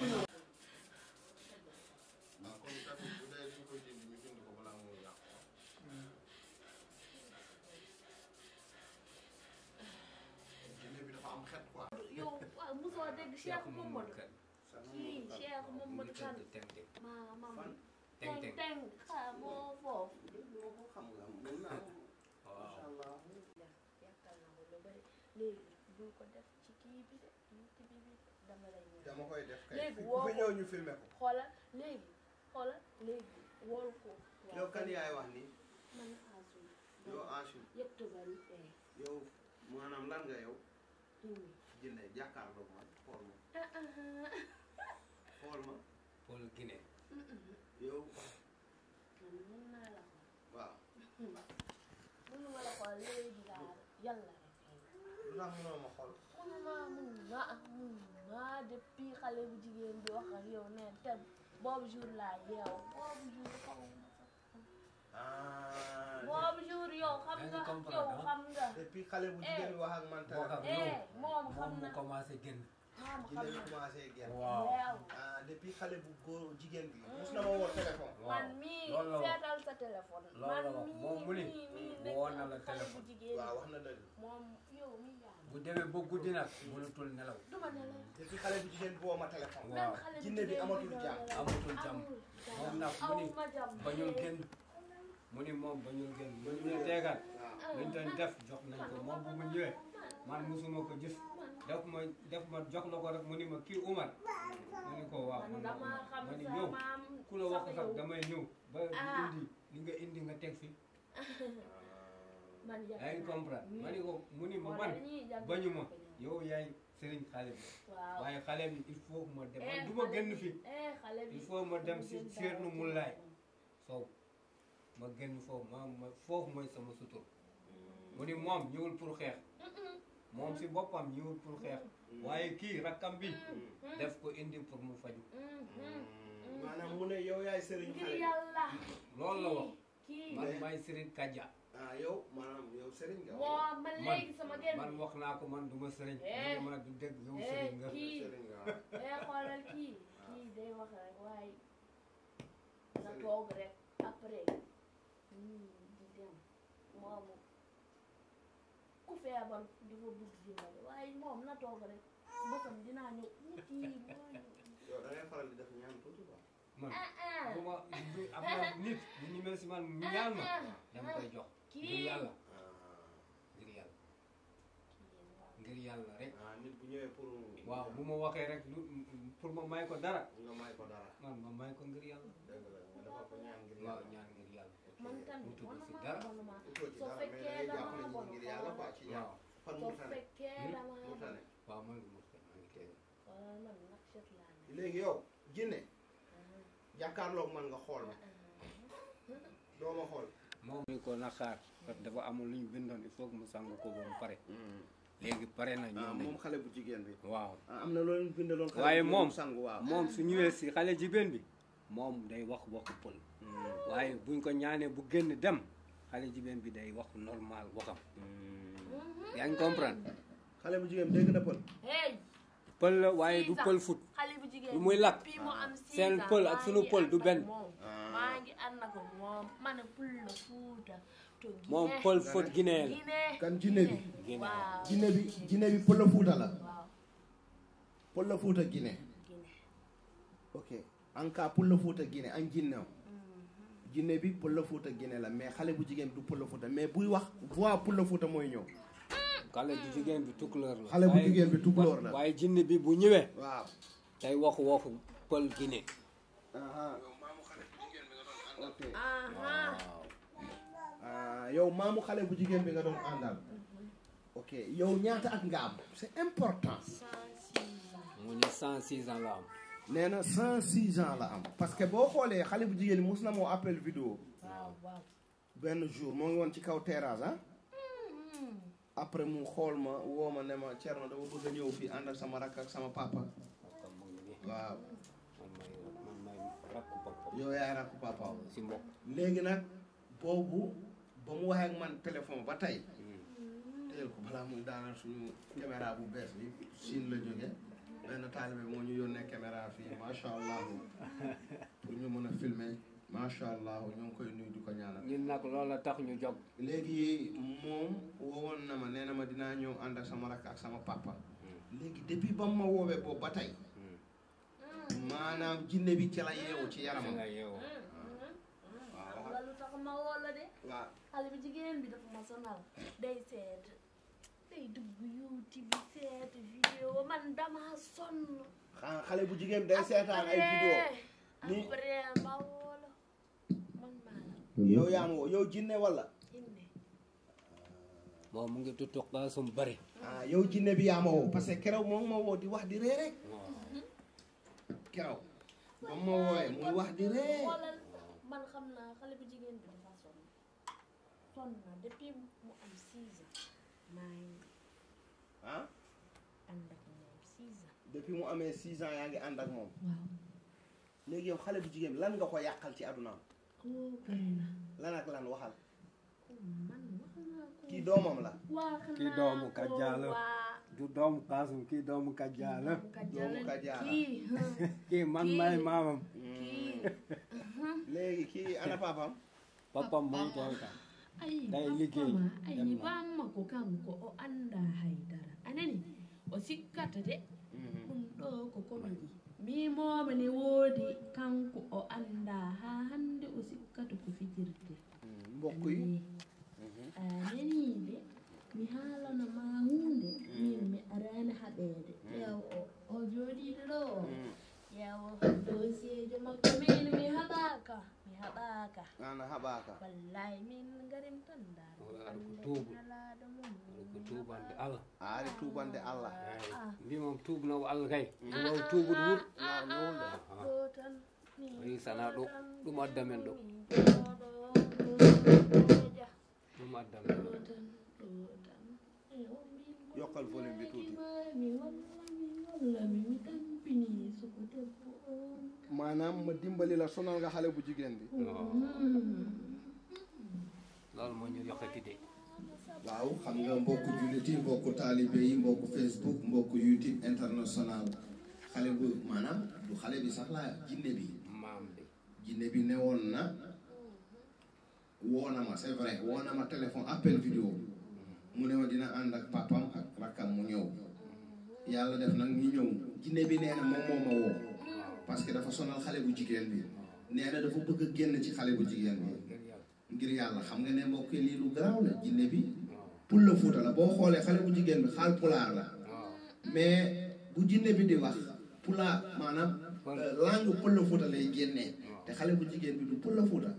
ah kon kàddu bu dee dañ koy jënd ñu jënd ko balaa muy yàqu. jinne bi dafa am xet quoi. yow waaw mosoo dégg Cheikh Momadou. kii Cheikh Momadou kan. maa maa teng teng teng ah moo foofu. waaw. yaakaar naa ko lu bari léegi duñ ko def. dama dama koy def kay léegi woo ko ñëw ñu filmé ko. xoolal léegi xoolal léegi woo yaay wax nii. man Anchou. yow Anchou. yëpp eh. yow maanaam lan nga yow. jinne jinne jàkkaarloo xool ma. Ah, ah, ah. xool ma. xool Guinée. yow. man naa la xool. waaw. mënu mm-hmm. ma la xool léegi daal yàlla rek. lu tax mënoo ma xool. naa depuis xale bu jigéen bi wax ak yow neen te boobu jour laa yeew boobu jour xaw ma sax. Ah, boobu ah? xam nga depuis xale bu eh, jigéen bi wax ak man. Eh, moom xam na moom mu commencé génn. moom xam na commencé ah, depuis xale bu góor jigéen bi. mos na ma woo man mii seetal sa téléphone. man mii mii mii nekk xale bu jigéen bi. waaw wax na dëgg. moom yow mii yaa bu ba guddi nag mënatul nelaw. duma nelaw. te ci xale bi jigéen boo ma téléphone. waaw bi amatul jàmm. amatul jàmm moom nag mu ni bañul génn mu ni moom bañul génn mu ni ñu teegal. waaw luñ def jox na ko moom ko gis ma def jox la ko mu ni ma kii Umar. ma ni ko waaw man ma ni ñëw ku la wax sax damay ñëw ba ah. indi li nga indi nga teg fi. yaa ngi comprendre ma ko mu ni ma man bañu yow yaay sëriñ xale bi waaye eh, eh, xale bi il faut ma dem man du ma génn fii il faut ma dem si Ceerno Mulaay Sow ma génn foofu ma foofu mooy sama sutur mu ni moom ñëwul pour xeex moom si boppam ñëwul pour xeex waaye kii rakkam bi def ko indi pour mu faju maanaam mu ne yow yaay sëriñ xale bi loolu la wax man sëriñ Kaja ah yow maanaam yow sëriñ nga. waaw man léegi sama gën man wax naa ko man du ma sëriñ. kii day wax rek waaye. na toog rek après. ñun hmm, di dem moomu ku feebar dafa bëgg dimbali waaye moom na toog rek dinaa nit yi yow da ngay di def ñaan tuuti quoi. man ah, ah. bu ma am nit bu ñu mel si man ñaan ma ah, dama koy jox. Ah. ngir yàlla ngir yàlla ngir yàlla rek. Ah, nit bu ñëwee pour. waaw bu ma waxee rek lu pour ma may ko dara. nga may ko dara. man ma may ko ngir yàlla. dëgg la nga defal ko ñaan ngir yàlla. waaw ñaan ngir yàlla. man tamit tudd si dara. soo fekkee damaa bon ngir yàlla quoi ci ñaan. fan mu tane hmm? mu tane. waaw man mu tane maa ngi teel. man nag seet laa ne. léegi yow jinne hmm. jàkkaarloog man nga xool ma hmm. doo ma xool. moom ñu ko naxaar dafa amul lu ñu bindoon il faut mu sang ko ba mu pare mm. léegi pare na ah, moom xale bu jigéen bi waaw ah, am na loolu bindaloon waaye moom sangu waaw moom su ñëwee si xale jigéen bi moom day wax waxu pël mm. waaye buñ ko ñaanee bu génn dem xale jigéen bi day wax normal waxam mm. yaa ngi comprendre xale bu jigéen bi dégg na pël pël la waaye du pël fut lu muy lakk seen pël ak sunu pël du benn moom ah. pël fóot Guinée la kan Guinée bi Guinée bi Guinée bi pël la Fuuta la pël la Fuuta Guinée ok en cas pël la Fuuta Guinée an mm-hmm. Guinée bi pël la Fuuta Guinée la mais xale bu jigéen bi du pël la Fuuta mais buy wax voix pël la Fuuta mooy ñëw xale bu jigéen bi tukulóor la xale bu jigéen bi tukulóor la waaye jinne bi bu ñëwee day waxu waxu pël Guinée. waaw ah, yow maamu xale bu jigéen bi nga doon àndal. ok yow ñaata ak nga am c'est important. mu ne 106 ans la am. nee na 106 ans la am. parce que boo xoolee xale bu jigéen bi mos na moo appel vidéo. benn jour moo ngi woon ci kaw terrasse ah. après mu xool ma woo ma ne ma Thierno dama bëgg a ñëw fii ànd sama rakk ak sama papa. waaw. yow yaay rakku papaam. si mbokk. léegi nag boobu ba mu waxee ak man téléphone ba tey. Hmm. teel ko balaa muy daanal suñu caméra bu bees bi siin la jóge benn taalibe moo ñu yónnee caméra fii macha allah pour ñu mën a filmer macha allah ñoo ngi koy nuyu di ko ñaanal. ñun nag loola tax ñu jóg. léegi moom woowoon na ma nee na ma dinaa ñëw ànd ak sama rakk ak sama papa. Hmm. léegi depuis ba mu ma woowee boobu ba tey. maanaam jinne bi ca la yeewu ci yaramam. ca la yeewu mm, mm, waaw. Mm. lu tax ma woo de. xale bi jigéen bi dafa ma sonal day seet day dugg YouTube bi seet vidéo man dama sonn. xale bu jigéen day seetaan ay vidéo. nii après ma woo yow jinne walla. moom mu ngi tuttuq daal su mu yow jinne bi yaa woo parce que keroog moom ma woo di wax di ree keroog ba ma wooyee muy wax di ree man xam naa xale bu jigéen bi dafa mu am 6 ans maa ah depuis mu amee 6 ans yaa ngi ànd ak moom waaw léegi yow xale bu jigéen lan nga ko yàqal ci àddunaam lan ak lan waxal kii doomam la. kii doomu Kaja la du doomu Kasum kii doomu Kaja la. kii man may maamam. léegi kii ana papam papam moom tool ka day liggéey ayni bamma ko kanko o anda haydara anani o sikkata de mm-hmm. ɗum ɗo ko komaƴi mimoɓe ne woodi kanko o anda ha hande o sikkata ko fijirde mm, an haɓaka aɗa ko tuubo aɗa ko tuubande allah a ah, ari tuubande allah ah, ah. mbimam tuubnowo allah kay wawi tuubude wuur no wulɗo sana ɗo ɗum adda men ɗo yokkal maanaam ma dimbali la sonal nga xale bu jigéen bi. Oh. loolu moo ñu yokk ki waaw xam nga mbokk jullit yi mbokku taalibe yi mbokku Facebook mbokku YouTube international xale bu maanaam du xale bi sax laa jinne bi. maam bi jinne bi ne na woo na ma c'est vrai woo na ma téléphone appel mu ne ma dina ànd ak paton ak rakkam mu ñëw yàlla def nag ñu ñëw jinne bi nee na moom moo woo. parce que dafa sonal xale bu jigéen bi ah. nee dafa bëgg génn ci xale bu jigéen bi ah, ngir yàlla xam nga ne mbokk lii lu garaaw la jinne bi pour la fuuta la boo xoolee xale bu jigéen bi xaal pulaar la ah. mais bu jinne bi di wax pulaar euh, te xale bu jigéen bi du pël la fuuta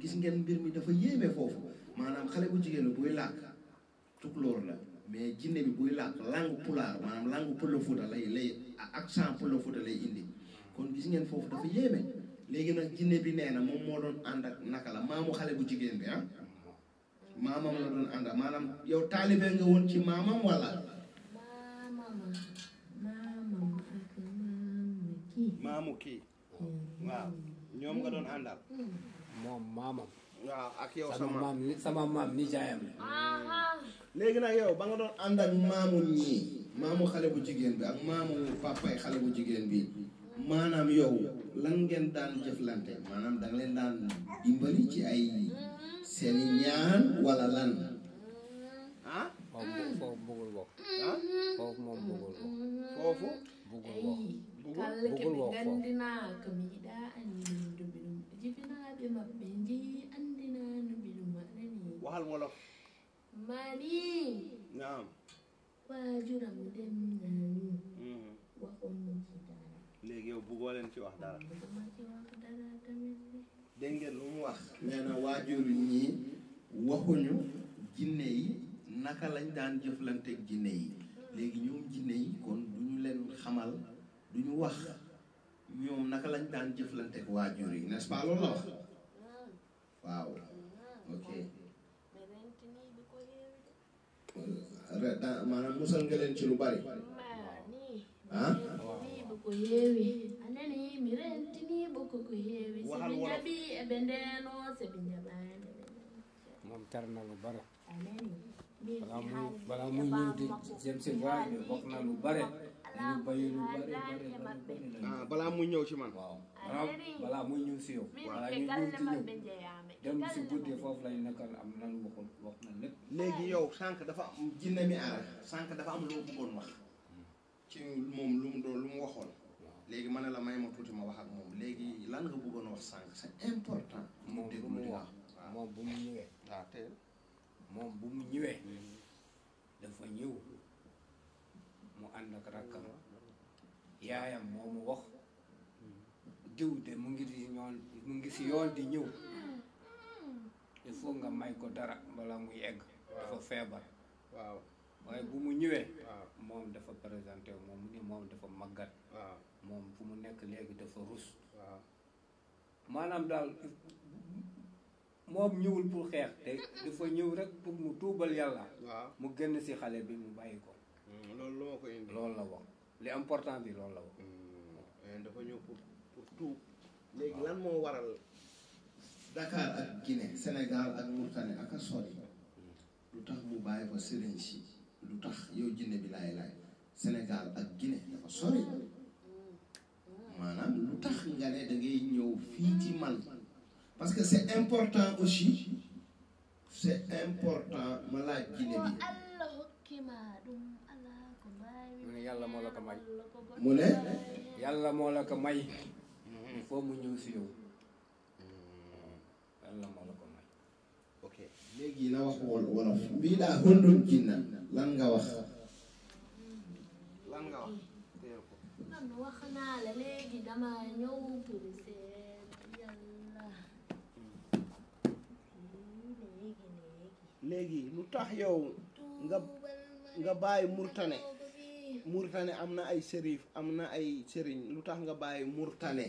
gis ngeen mbir mi dafa yéeme foofu maanaam xale bu jigéen bi buy làkk tukulóor la mais jinne bi buy làkk langue pulaar maanaam langue pël la fuuta lay lay accent pël lay indi kon gis ngeen foofu dafa yéeme léegi nag jinne bi nee na moom moo doon ànd ak naka la maamu xale bu jigéen bi ah? maanaam yow taalibe nga woon ci maamam wala. kii eh. waaw ñoom nga doon àndal. moom maamam. waaw ak yow sama maam sama maam nijaayam la. léegi nag yow ba nga doon ànd maamu ñii maamu xale bu jigéen bi ak maamu papaay xale bu jigéen bi. maanaam yow lan ngeen daan jëflante maanaam da nga leen daan dimbali ci ay seen i ñaan wala lan ah. foofu bëggul wax ah foofu moom bëggul wax foofu bëggul wax bëggul wax foofu waxal wolof mani naam waajuram dem nañu mm-hmm. waxoon léegi yow buggoo leen ci wax dara. dégg ngeen lu mu wax. nee na waajur ñii waxuñu jinne yi naka lañ daan jëflanteek jinne yi léegi ñoom jinne yi kon duñu leen xamal duñu wax ñoom naka lañ daan jëflanteek waajur yi n'est-ce pas loolu la wax waaw ok. maanaam musal nga leen ci lu bari. ɓe ko heewi anani mi rentiniɓe koko heewi soɓe jaɓi eɓe ndeno soɓe jaɓani mom tarnalu bara bala muy ñëw di jëm si na lu bare dañu bayi lu muy ñëw ci man waaw muy ñëw si yow bala ñu ñëw ci ñëw dem am nan waxul wax léegi yow sànq dafa am jinne mi aar sànq dafa am loo bëggoon wax ci moom lu mu doon lu mu waxoon léegi ma ne la may ma tuuti ma wax ak moom léegi lan nga bëggoon wax sànq c'est important moom lu mu wax moom bu mu ñëwee moom bu mu ñëwee mm-hmm. dafa ñëw mu ànd ak rakkam yaayam moo mu wax mm-hmm. diw de mu ngi di ñoon mu ngi si yoon di ñëw mm-hmm. il faut nga may ko dara bala muy egg dafa feebar waaw waaye bu mu ñëwee. moom dafa présenté moom mu ne moom dafa màggat. moom fu mu nekk léegi dafa rus. maanaam daal moom ñëwul pour xeex te dafa ñëw rek pour mu tuubal yàlla. mu génn si xale bi mu bàyyi ko. Hmm, loolu la ma ko loolu la wax li important bi loolu la wax. Hmm, eh, dafa ñëw pour pour tuub. léegi moo waral. Dakar ak Guinée Sénégal ak Mauritanie ak a hmm. lu tax mu bàyyi ko sëriñ lu tax yow jinne bi laay laay Sénégal ak Guinée dafa sori maanaam lu tax nga ne da ñëw fii ci man parce que c'est important aussi c'est important ma laaj jinne bi mu ne yàlla moo la ko may mu ne yàlla moo la ko may il faut mu ñëw yow mm. léegi na wax wol wolof mbiɗa lan nga wax lan nga lu tax yow nga nga bàyyi murtane murtane am na ay sérif am na ay sëriñ lu tax nga bàyyi murtane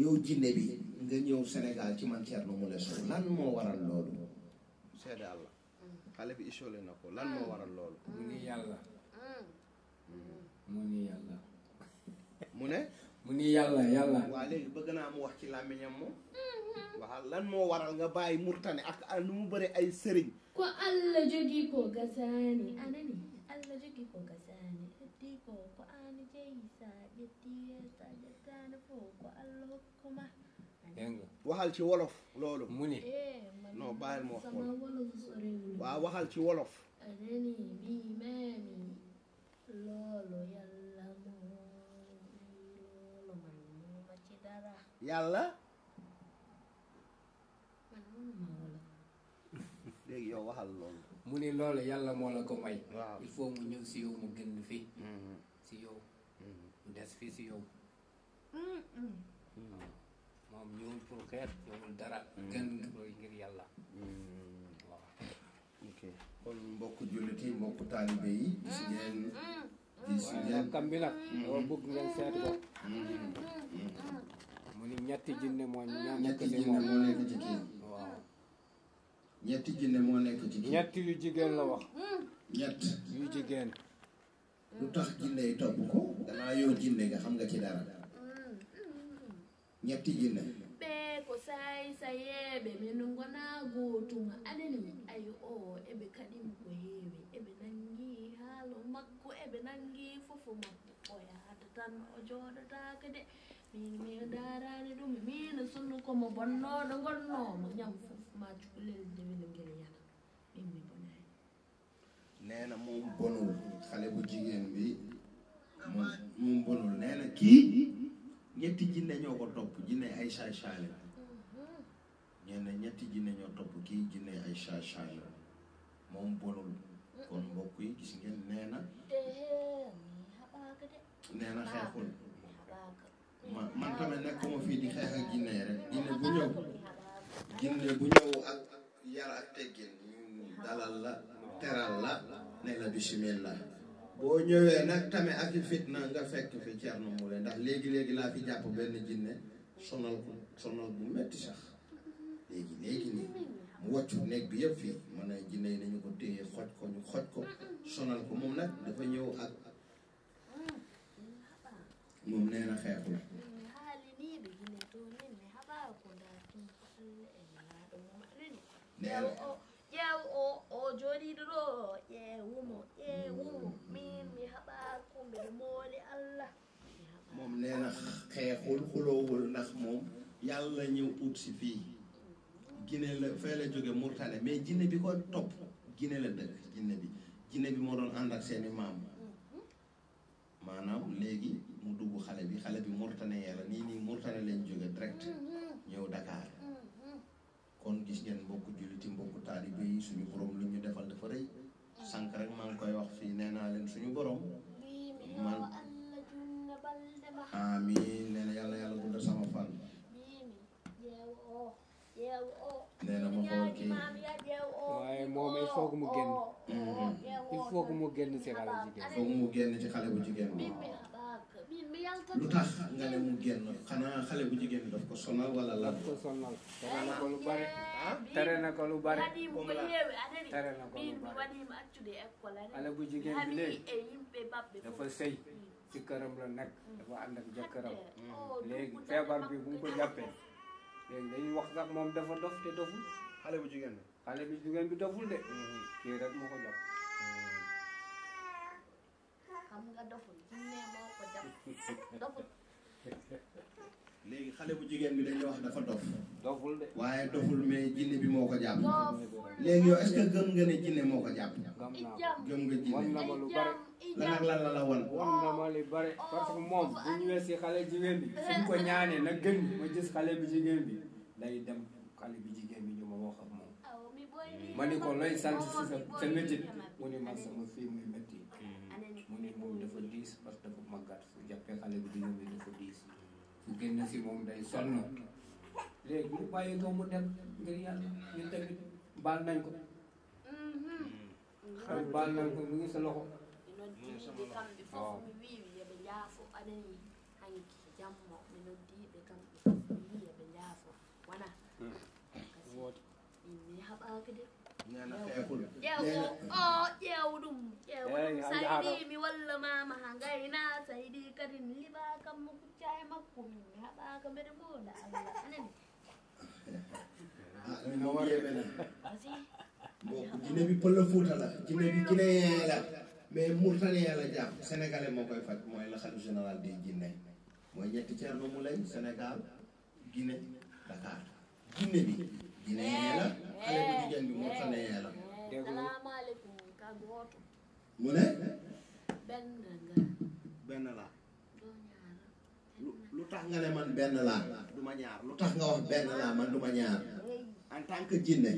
yow jinne bi nga ñëw Sénégal ci man Thierno Moule Sow lan moo waral loolu seede àlla mm. xale bi isolé na ko lan moo mm. waral loolu mu ni yàlla mm. mu ni yàlla ne mu ni yàlla yàlla waa léegi bëgg naa mu wax ci làmmiñam moom mm-hmm. waxal lan moo waral nga bàyyi murtane ak nu mu bëri ay sëriñ ko alla jogi gasaani anani alla jogi gasaani sa ƴetti yeesa ƴettaani fof ko alla hokkuma dégg waxal ci wolof loolu. mu ni eh, non bàyyil ma wax waaw waxal ci wolof. yàlla. léegi yow waxal loolu. mu ni loolu yàlla moo la ko may. il faut mu ñëw si yow mu génn fii. Mm-hmm. si yow. Mm-hmm. mu des fii si yow. moom ñëwul pour xeet ñëwul dara mm. gën ngir yàlla mm. waaw ok kon mbokk jullit yi mbokk taalibe yi gis mm. ngeen gis ngeen kam bi nag doo bëgg ngeen seet ko mu ni ñetti jinne moo nekk ci moom moo nekk ci kii ci kii ñett yu jigéen la wax ñett yu jigéen lu tax jinne yi topp ko danaa yow jinne nga xam nga ci dara ñetti jinne ɓe ko sayi sayeɓe ɓe no gona gotum aneni ayi o eɓe kaɗim ko heewi eɓe nangi haalo makko eɓe nangi fofo makko o yahata tan o jooɗotaka de mi darani ɗum min sunnu komo bonnoɗo gonnomo ñam fof ma cukalel dewel ngel yana min mi bonani nee na moom bonul xale bu jigéen bi moom moom ñetti jinne ñoo ko topp jinne ay saay-saay la ñetti jinne ñoo topp kii jinne ay la moom bonul kon mbokk yi gis ngeen nee na nee na xeexul ma man tamit nekkuma fii di xeex ak jinne rek jinne bu ñëw jinne bu ñëw ak yar ak teggin ñu dalal la teral la ne la boo ñëwee nag tamit ak i fitna nga fekk fi Thierno Moule ndax léegi-léegi laa fi jàpp benn jinne sonal ko sonal bu metti sax léegi léegi nii mu wàccu néeg bi yëpp fii mën a jinne yi nañu ko téye xoj ko ñu xoj ko sonal ko moom nag dafa ñëw ak moom nee na la yew o joɗiɗo ɗo moom nee na xeexul xuloowul ndax moom yàlla ñëw ut si fii Guinée la fee la jóge Murtane mais jinne bi ko topp Guinée la dëkk jinne bi jinne bi moo doon ànd ak seeni maam maanaam léegi mu dugg xale bi xale bi Murtane yàlla nii nii Murtane lañ jóge direct mm-hmm. ñëw dakaar kon gis ngeen mbokku julliti mbokku taalibe yi suñu borom lu ñu defal dafa rëy sànq rek maa ngi koy wax fii nee naa leen suñu borom man amiin nee yàlla yàlla guddal sama fan nee ma xool kii waaye moom il faut que mu génn mm-hmm. il faut mu génn ci xale bu jigéen il mu génn ci xale bu jigéen bi lu tax nga ne mu génn xale bu jigéen daf ko sonal wala lan. daf ko sonal tere na ko lu bare. tere na ko lu bare. tere na ko lu bare. xale bu jigéen bi léegi dafa sëy ci këram la nekk dafa ànd ak jëkkëram léegi feebar bi bu mu ko jàppee léegi dañuy wax sax moom dafa dof te doful. xale bu jigéen bi bi doful de. kii rek moo ko jàpp. doful. léegi xale bu jigéen bi dañuy wax dafa dof. doful de waaye doful mais jinne bi moo ko jàpp. léegi yow est-ce que gëm nga ne jinne moo ko jàpp. gëm nga jinne wan na ma lu bare. lan ak lan la la wan. wan na ma lu bare oh. parce que moom bu si xale jigéen bi suñ ko ñaanee na gën bi jigéen day dem xale bi jigéen bi ñu ma wax ak moom. Mm. ma ni ko looy sant si sa sa métier mu ne ma sama fii muy métti mu ne moom dafa diis parce que dafa màggat. jàppee xale bi dina mel dafa diis bu génn si moom day sonn léegi mu bàyyi doomu dem ngir yàlla ñun tamit baal nañ ko xale baal nañ ko mu ngi sa loxo waaw woote yeewu oo yeewɗum yeewɗum saydi mi wallamama ha gayna saydi kadi mi liɓa kam mo kucca e makko min mi haɓa ka mbeɗe gooda allah anani no warɓeɓena bon jine bi pëlla fuuta la jine bi guinéen la mais mourtanien la jàpp sénégalais moo koy faj mooy la xalifa général di jinne mooy ñetti Thierno Moulay Sénégal Guinée bi dina yee la xale la mu ne benn laa lu tax nga ne man benn laa du ma ñaar lu tax nga wax benn laa man du ñaar en tant que jinne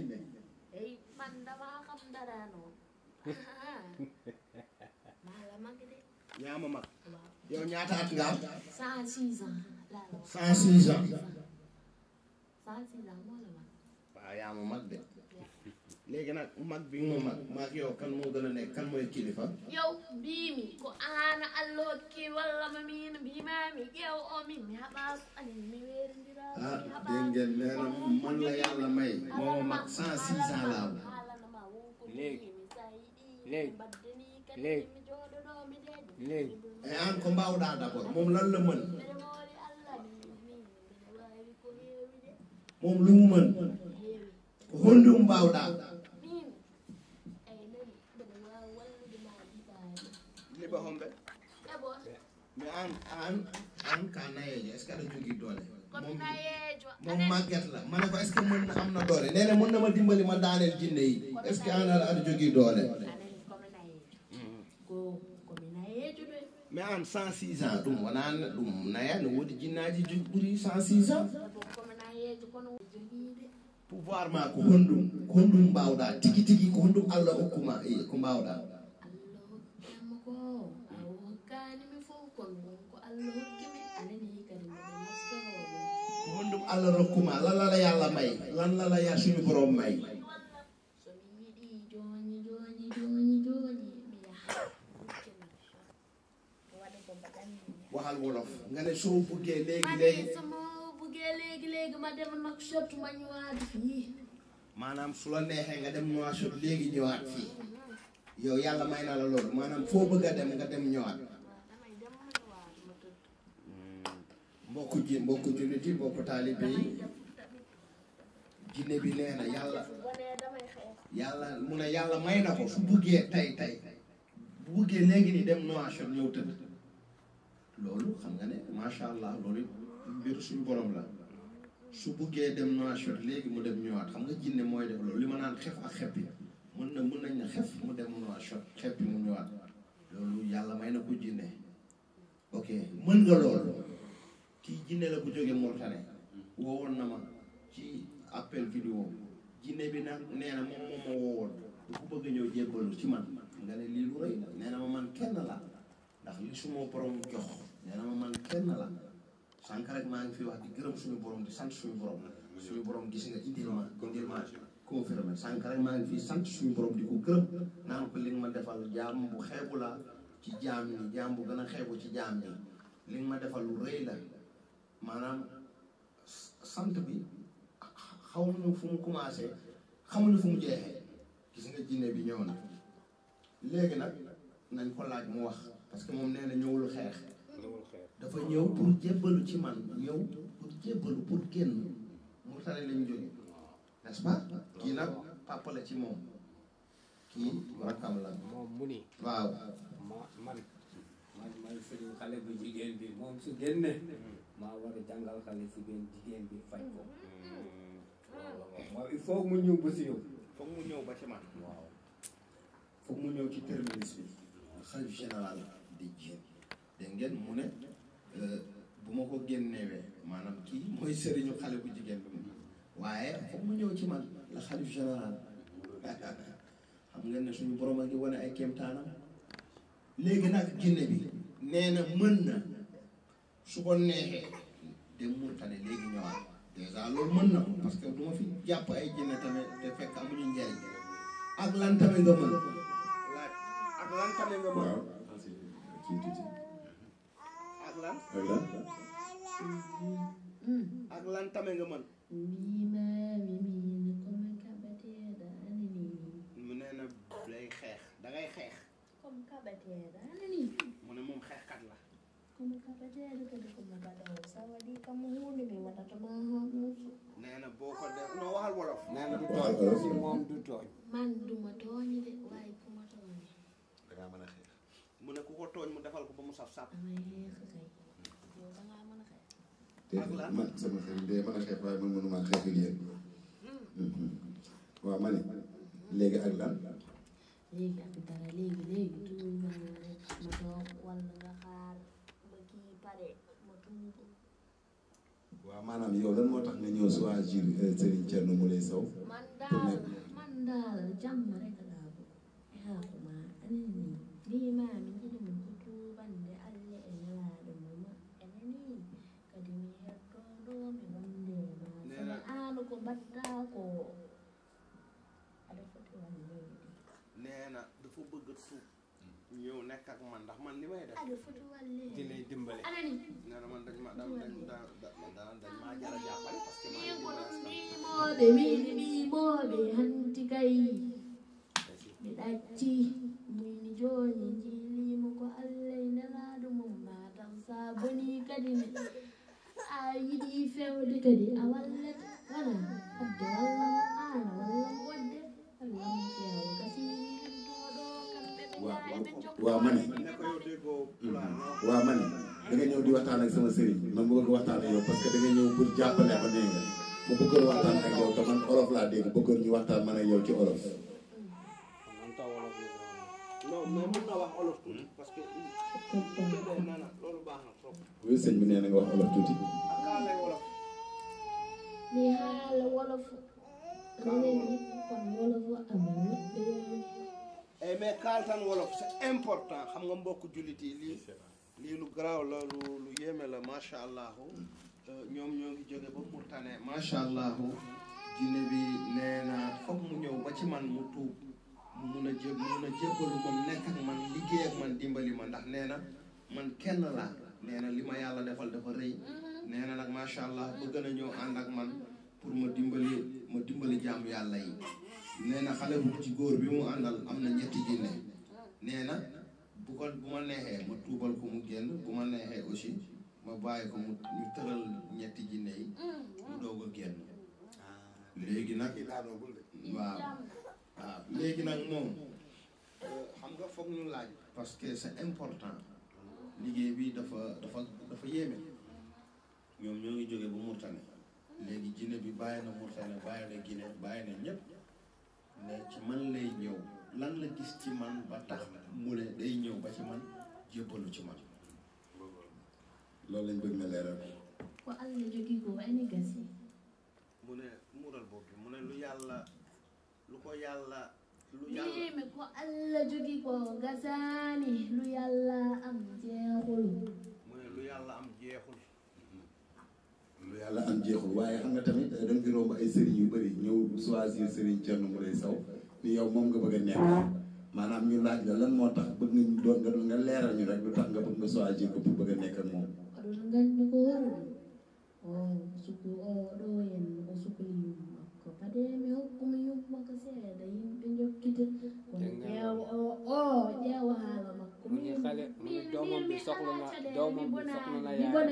man damaa xam dara noonu yaa ma mag yow ñaata at nga am. 106 ans. 106 ans. 106 ans waaw yaa ma mag de léegi nag mag bi mu mag mag yow kan moo gën a nekk kan mooy kilifa yow biimi ko aana allokki walla ma miin biimaami yow mi haɓaako anin mi weerindira ah dégg ngeen nee man la yàlla may moo mag cent six ans moom lan la mën lu mu mën hollum mbawɗa liba homɓe mais an an an ka nayejo est ce que aɗa jogui doole moom màgget la ma ne ko que mën na am na doole nee mën na ma dimbali ma daaneel jinne yi est ce que an ala aɗa jogui doole mm-hmm. mais an 106 ans ɗum wona ɗum naya no woodi jinnaji ɓuuri 106 ans pouvoir ma ko honɗum ko honɗum mbawɗa tigui tigui ko honɗum allah hokkuma eh, ko mbawɗa ko honɗum allah rokkuma lan lala yallah may lan lala ya suñu borom may waxal wolof nga ne soo buggee léegi léegi léegi léegi ma dem nag sot maanaam su la neexee nga dem ñëwaat sot léegi ñëwaat fii yow yàlla may naa la loolu maanaam foo bëgg a dem nga dem ñëwaat. Hmm. mbokku ji mbokku jullit yi mbokku taalibe yi jinne bi nee yàlla yàlla mu ne yàlla may na ko su buggee tey tey bu buggee léegi ni dem noation ñëw tëdd loolu xam nga ne macha allah loolu mbiru suñu borom la su buggee dem noachur léegi mu dem ñëwaat xam nga jinne mooy def loolu li ma naan xef ak xeppi mën na mën nañ ne xef mu dem noachur xeppi mu ñëwaat loolu yàlla may na ko jinne ok mën nga loolu ki jinne bu jógee Mauritanie woowoon na ma ci appel vidéo jinne bi nag nee na moom moom moo woowoon ku bëgg ñëw jébbalu ci man nga ne lii lu rëy la ma man kenn la ndax li suma borom jox nee ma man kenn la sànq rek maa ngi fi wax di gërëm suñu borom di sant suñu borom suñu borom gis nga indil ma indil sànq rek maa ngi fi sant suñu borom di ko gërëm li nga ma defal jaam bu xeebu la ci jaam yi jaam bu gën a xeebu ci jaam yi li ma defal lu rëy la sant bi xamuñu fu mu commencé xamuñu fu mu jeexee gis nga jinne bi ñëw na léegi nag nañ ko laaj mu wax parce que moom nee na ñëwul xeex. dafa ñëw pour jébbalu ci man ñëw pour jébbalu pour génn mu tare lañ jóge n'est-ce kii nag papa ci moom kii rakkam la moom mu ni waaw man man man sëriñ xale bu jigéen bi moom su génnee hmm. maa war a jàngal xale si benn jigéen bi faj ko hmm. waaw mu ñëw ba si mu ñëw ci man waaw mu ñëw ci terminus bi général di jigéen dégg mu ne Euh, bu ma ko génnewee maanaam kii mooy sëriñu xale bu jigéen bi ma waaye foog mu ñëw ci man la xalif général xam ngeen ne suñu borom a ngi wane ay kéemtaanam léegi nag jinne bi nee na mën na su ko neexee dem Mauritanie léegi ñëwaat dèjà loolu mën na ko parce que du ma fi jàpp ay jinne tamit te fekk amuñu njariñ ak lan tamit nga mën ak lan tamit nga mën la ak lan. ak lan mm-hmm. mm-hmm. tame nga mën. mu ne na lay xeex da ngay xeex. mu ne moom xeexkat la. nee na boo ko def non waxal wolof. nee na du tooñ si moom du tooñ. man du tooñ de waaye ku tooñ. da ngaa mën a xeex. mu ne ku ko tooñ mu defal ko ba mu saf sàpp. ak lan man sama a xeex waaye hmm. Hmm. ma ne léegi ak lan. léegi ak dara léegi ko. maanaam yow lan moo tax nga ñëw choisir euh, Serigne Thierno man daal jàmm rek laa bëgg. yaa ko maa amiin lii maa mi. mënukomata ko nee na dafa bëgg a tuub ñëw nekk ak ndax man li may def dimbale nee dañ ma dañ dañ maa jar a jàppale parce que maa ngi moobe hanti kay mi ɗacci mini ko allah nelaɗo mum matan saboni kadi ne a yiɗi fewde kadi a أنا أدي والله أنا والله ودي اللهم يا وكثير waaw ma ne ma ne da nga ñëw di waxtaan ak sama sëriñ man ma bëgg waxtaan ak yow parce que da nga ñëw pour jàppale ma nee nga ma bëggoon waxtaan ak yow te man olof laa dégg bëggoon ñu waxtaan man ak yow ci olof. non wax olof tuuti parce que. Hmm? loolu baax na trop. nee na wax olof tuuti. ni haala eh, wolof minen yimɓe kon wolof amana important xam nga mbokk jullit yi lii lii lu garaaw la lu lu yéeme la macha allahu eh, ñoom ñoo ngi jóge ba Murtane macha allahu jinne bi nee na foog mu ñëw ba ci man mu tuub mu mun a jé mun a jébbalu man nekk ak man liggéey man dimbali ma ndax nee na man kenn laa nee na li ma yàlla defal dafa rëy nee na nag macha allah bëgg na ñëw ànd ak man pour ma dimbali ma dimbali jàmm yàlla yi nee na xale bu ci góor bi mu àndal am na ñetti jinne nee na bu ko bu ma neexee ma tuubal ko mu génn bu ma neexee aussi ma bàyyi ko mu ñu tëral ñetti jinne yi mu doog génn léegi nag waaw waaw léegi nag moom xam nga foog nu laaj parce que c'est important liggéey bi dafa dafa dafa yéeme ñoom ñoo ngi jógee ba Mauritanie léegi Guinée bi bàyyi na Mauritanie bàyyi na Guinée bàyyi na ñëpp ne ci man lay ñëw lan la gis ci man ba tax mu ne day ñëw ba ci man jébbalu ci man. loolu lañ bëgg na leeral. wa Allah jóge ko mu lu yàlla yàlla. lu Allah jóge ko gasaani lu yàlla am jeexul. mu ne lu yàlla am. loolu yàlla am jeexul waaye xam nga tamit eh, dañ fi romb ay sëriñ yu bëri ñëw choisir sëriñ Thierno Mouleye Sow ni yow moom nga bëgg a nekk maanaam ñu laaj la lan moo tax bëgg nga ñu doon nga doon nga leeral ñu rek lu tax nga bëgg nga choisir ko pour bëgg a nekk ak a oh, oh, ko mu ngi xale mu ngi doomam bi soxla na doomam bi soxla na yaay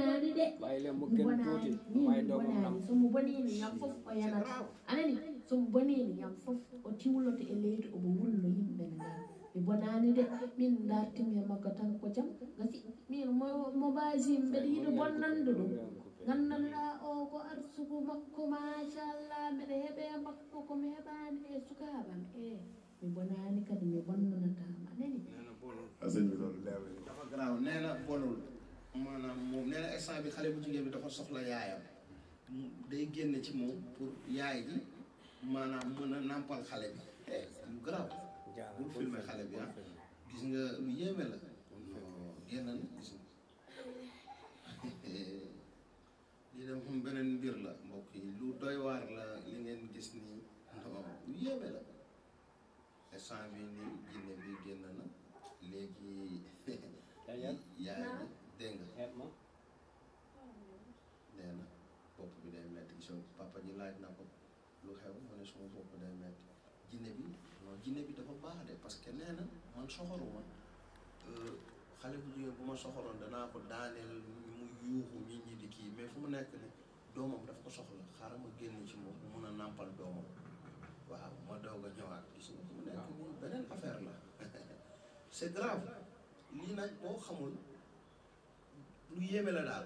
waaye leen mu o yanata oh, anani somo bonini ñam fof o oh, tiwloto oh, mi bonani de tan ko jaam gasi min mo baasi mbeɗa yiɗi bonnande ɗum gandalla o ko arsugu makko machallah mbeɗa heeɓe mi bonani kadi mi bonnanatama anani sëñ bi loolu leer nañu dafa bonul maanaam moom nee na bi xale bu jigéen bi dafa soxla yaayam day génn ci moom pour yaay ji maanaam mën a nàmpal xale bi eh, lu garaaw bul filmé xale bi ah gis nga lu yéeme la génn la mbokk yi lu doy waar gis nii bi nii jinne bi génn na léegi. yaay ma dégg nga. xeet ma. nee na bopp bi day metti gisoo papa ji laaj na ko lu xew ma ne suma bopp day metti jinne bi non jinne bi dafa baax de parce que nee na man soxoruma euh, xale bu jigéen bu ma soxoroon danaa ko daaneel mu yuuxu ñi ñi di kii mais fu mu nekk ni doomam daf ko soxla xaaral ma génn ci mun a nàmpal doomam waaw ma doog ñëwaat gis mu nekk nii beneen affaire la c'est grave lii nag boo xamul lu yéeme la daal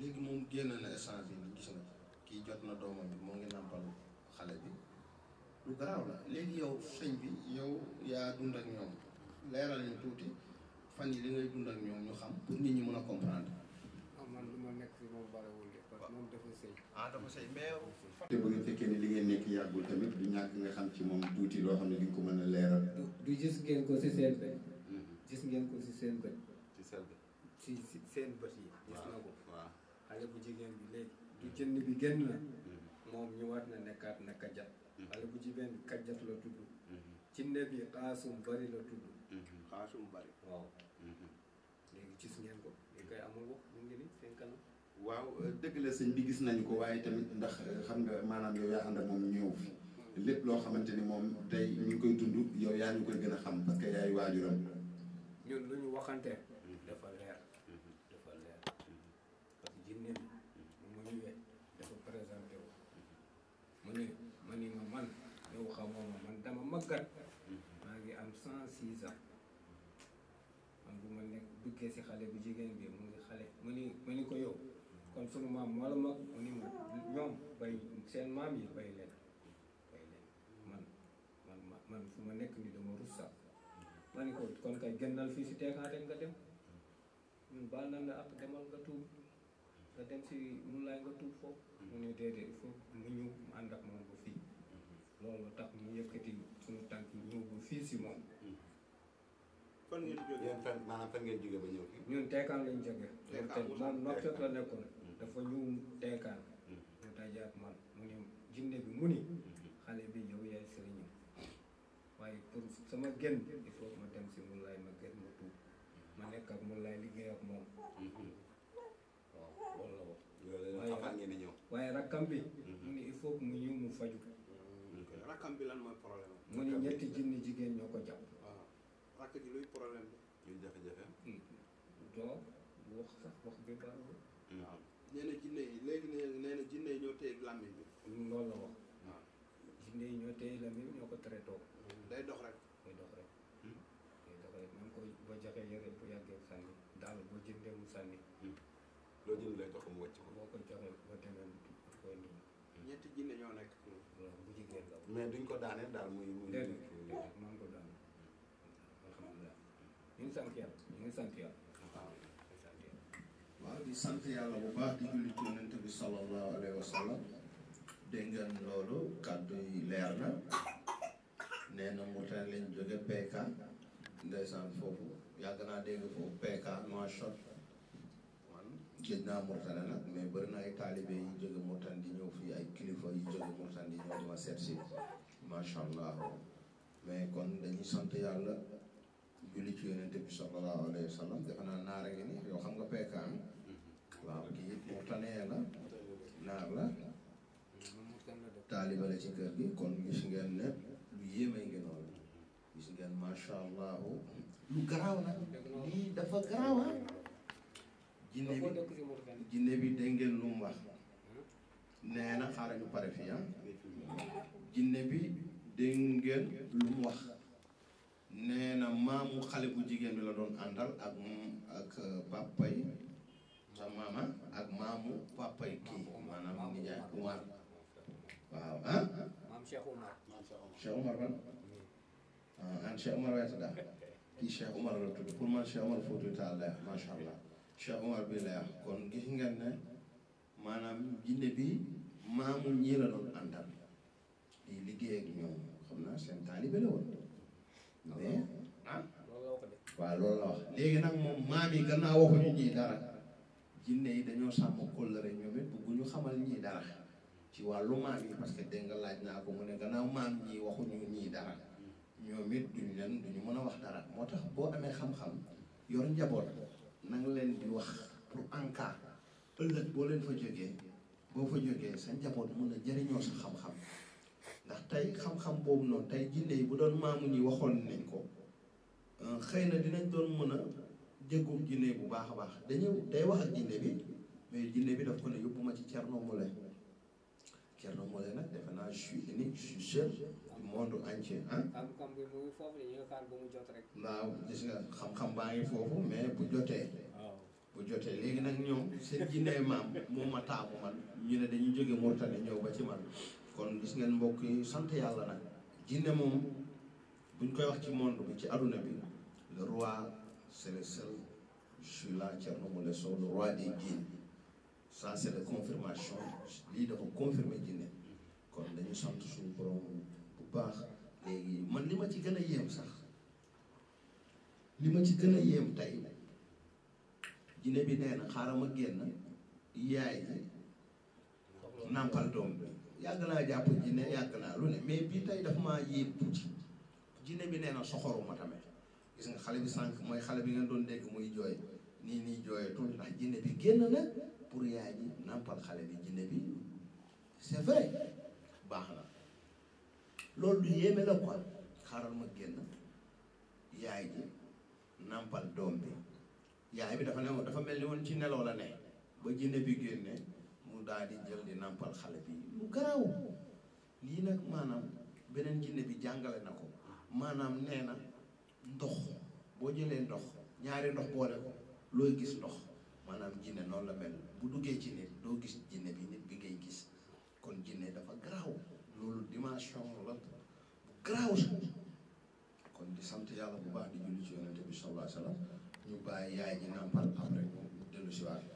léegi moom génn na essence bi gis na kii jot na doomam bi moo ngi nàmpal xale bi lu garaaw la léegi yow sëñ bi yow yaa dund ak ñoom leeral ñu tuuti fan yi li ngay dund ak ñoom ñu xam pour nit ñi mën a comprendre. man lu ma nekk si moom barewul de parce que moom dafa sëy. ah dafa fekkee ne li ngeen nekk yàggul tamit du ñàkk nga xam ci moom tuuti loo xam ne di nga ko mën a leeral. du du gis ko si seen gis ngeen ko si seen bët. ci seen bët. ci seen bët yi. gis na ko waaw xale bu jigéen bi léegi. du jënd bi génn na. Mm-hmm. moom ñu war na nekkaat na kajat. Mm-hmm. xale bu jigéen bi kajat la tudd. Mm-hmm. cinne bi xaasum bari la tudd. xaasum bari. waaw. léegi su ngeen ko. li koy amul wax mu ngi ni seen kanam. waaw euh, dëgg la sëñ bi gis nañu ko waaye tamit ndax euh, xam nga maanaam yow yaa ànd ak moom ñëw lépp loo xamante ni moom tey ñu koy tudd yow yaa ñu koy gën a xam parce yaay waajuram. ñun lu ñu waxante mm-hmm. dafa leer mm-hmm. dafa leer parce que jinne mu mm-hmm. mu ñëwee dafa présenté wu mu ne ma ni ma man yow xamoo ma man dama màggat maa ngi am cent six man bu ma nekk duggee si xale bu jigéen bi mu ngi xale mu ni mu ni ko yow kon sunu maam moo la mag mu ni ma ñoom bay seen maam yi bay leen man man man fu ma nekk ni dama rus ma ko kon kay génnal fii si teekaate nga dem ñun baal nañ la ak demal nga tuub nga dem si mun laay nga tuub foofu mu ne déedéet foofu mu ñëw mu ànd ak moom ba fii loolu tax mu yëkkati suñu tànk ba fii si moom fan ngeen jógee yéen fan maanaam fan ngeen jógee ba ñëw teekaan lañ jógee moom nokkat la nekkoon mm. dafa ñëw teekaan mm. mu dajaat jinne bi mu ni mm. xale bi yow yaay sëriñam waaye pour sama gën il faut ma dem si mun laay ma gën ma tuub ma nekk ak mun laay liggéey ak moom waaw loolu la wax loolu la ngeen di ñëw bi mhm. mu ne il faut que jigéen ñoo ko jàpp waaw ah, rakk ji problème bi luy jafe-jafe hmm. doo bu wax sax wax bi baaxul hmm. ah, jinne yi ñoo téye la wax ah. ñoo ko traité day dox rek loo jënd lay tox mu wàcc ko. moo ko jox ba demee koy nii. ñetti jinne ñoo nekk. waaw bu jigéen la. mais duñ ko daaneel daal muy muy. déedéet déedéet maa ngi ko daaneel. alhamdulilah. ñu ngi sant yàlla ñu ngi sant yàlla. waaw di sant yàlla. waaw di sant yàlla bu baax di julli ci yonent bi sallallahu alayhi wa sallam. dégg ngeen loolu kàddu yi leer na. nee na Mauritanie lañ jóge PK. ndeysaan foofu yàgg naa dégg foofu PK noa shot. géej naa Mourtane nag mais bëri na ay taalibe yi jóge Mourtane di ñëw fii ay kilifa yi jóge Mourtane di ñëw di seet si macha allah mais kon dañuy sant yàlla julli ci yonente bi sallallahu alayhi wa sallam naar a ngi ni yow xam nga mhm. la naar la ci kër gi kon gis ngeen ne lu yéeme ngeen woon gis ngeen macha allah lu garaaw nag lii dafa garaaw ah. jinne bi jinne bi dégg ngeen lu mu wax nee xaaral ñu pare fii ah jinne bi dégg ngeen wax nee maamu xale bu jigéen bi la doon àndal ak ak euh, papay sa maamu papay kii maanaam nijaay Umar waaw ah. maam Cheikh Umar. Cheikh Umar ban ah, Umar waaye sa pour man Cheikh Umar Fouti Taal la macha allah. Cheikh Omar bi lay kon gis ngeen ne maanaam jinne bi maamul ñii la doon àndal di liggéey ak ñoom xam naa seen taalibe la woon mais ah waaw loolu la wax léegi nag moom maam yi gannaaw waxuñu ñii dara jinne yi dañoo sàmm kóllëre ñoom it guñu xamal ñii dara ci wàllu maam yi parce que dégg nga laaj naa ko mu ne gannaaw maam ñii waxuñu ñii dara ñoom it duñu leen mën a wax dara moo tax boo amee xam-xam yor njaboot na nga leen di wax pour en cas ëllëg boo leen fa jógee boo fa jógee sa njaboot mun a jëriñoo sa xam-xam ndax tey xam-xam boobu noonu tey jinne yi bu doon maamu ñi waxoon nañ ko euh, xëy na dinañ doon mën a jéggoog jinne bu baax a baax dañu day wax ak jinne bi mais jinne bi daf ko ne yóbbu ma ci Thierno Moule Thierno Moule nag defe naa je suis unique monde entier ah. xam-xam foofu la ñuy xaar jot rek. waaw gis nga xam-xam baa ngi foofu mais bu jotee. bu jotee léegi nag ñoom seen jinne maam moom ma taamu man ñu ne dañuy jóge Mauritanie ñëw ba ci man kon gis ngeen mbokk yi sant yàlla nag jinne moom buñ koy wax ci monde bi ci aduna bi le roi c'est le seul je suis là Thierno le confirmation lii dafa confirmer jinne kon dañu sant suñu borom baax léegi man li ma ci gën a yéem sax li ma ci gën a yéem tey jinne bi nee na xaaral ma génn yaay ji nàmpal doom bi yàgg naa jàpp jinne yàgg naa lu ne mais bii tey daf maa yéem tuuti jinne bi nee na soxoruma tamit gis nga xale bi sànq mooy xale bi ngeen doon dégg muy jooy nii nii jooyatul ndax jinne bi génn na pour yaay ji nàmpal xale bi jinne bi c'est baax na loolu lu yéeme la ko xaaral ma génn yaay ji nàmpal doom bi yaay bi dafa ne dafa mel ni woon ci nelaw la ne ba jinne bi génne mu daal di jël di nàmpal xale bi lu garaaw lii nag maanaam beneen jinne bi jàngale na ko maanaam nee na ndox boo jëlee ndox ñaari ndox boole ko looy gis ndox maanaam jinne noonu la mel bu duggee ci nit doo gis jinne bi nit bi ngay gis kon jinne dafa garaaw loolu dimension la bu garaaw sax kon di sant yàlla bu baax di julli ci yonente bi sallallahu alayhi wa sallam ñu bàyyi yaay ñi nàmpal après dellu si waat